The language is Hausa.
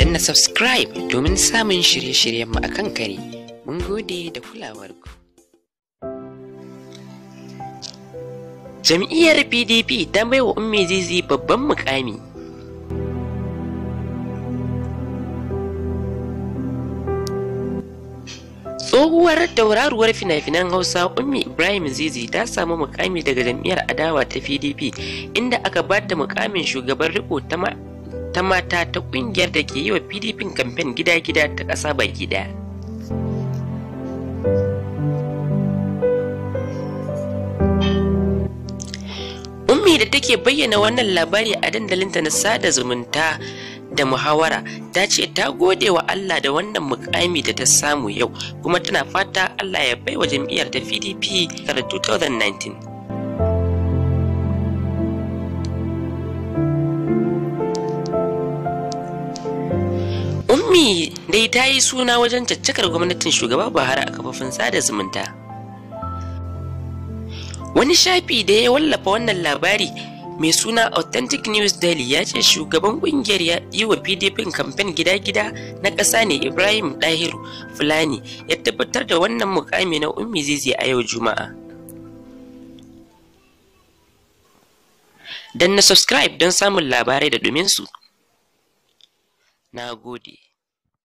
na subscribe domin samun shirye shiryen a akan kare mun gode da kulawarku jam'iyyar pdp ta bai wa ummi zizi babban mukami tsohuwar tauraruwar fina-finan hausa ummi ibrahim zizi ta samu mukami daga jam'iyyar adawa ta pdp inda aka ba da mukamin shugaban riko ta ta mata ta kungiyar da ke yi wa pdp kamfen gida-gida ta ƙasa baki ɗaya ummi da take bayyana wannan labari a dandalinta na sada zumunta da muhawara ta ce ta gode wa Allah da wannan mukami da ta samu yau kuma tana fata Allah ya baiwa jam'iyyar ta PDP 2019. ummi dai ta yi suna wajen caccakar gwamnatin shugaba buhari a kafafin sada zumunta wani shafi da ya wallafa wannan labari mai suna authentic news daily ya ce shugaban kungiyar ya yi wa pdp kamfen gida-gida na ƙasa ne ibrahim dahiru fulani ya tabbatar da wannan mukami na ummi zizi a yau juma'a don na subscribe don samun labarai da duminsu na gode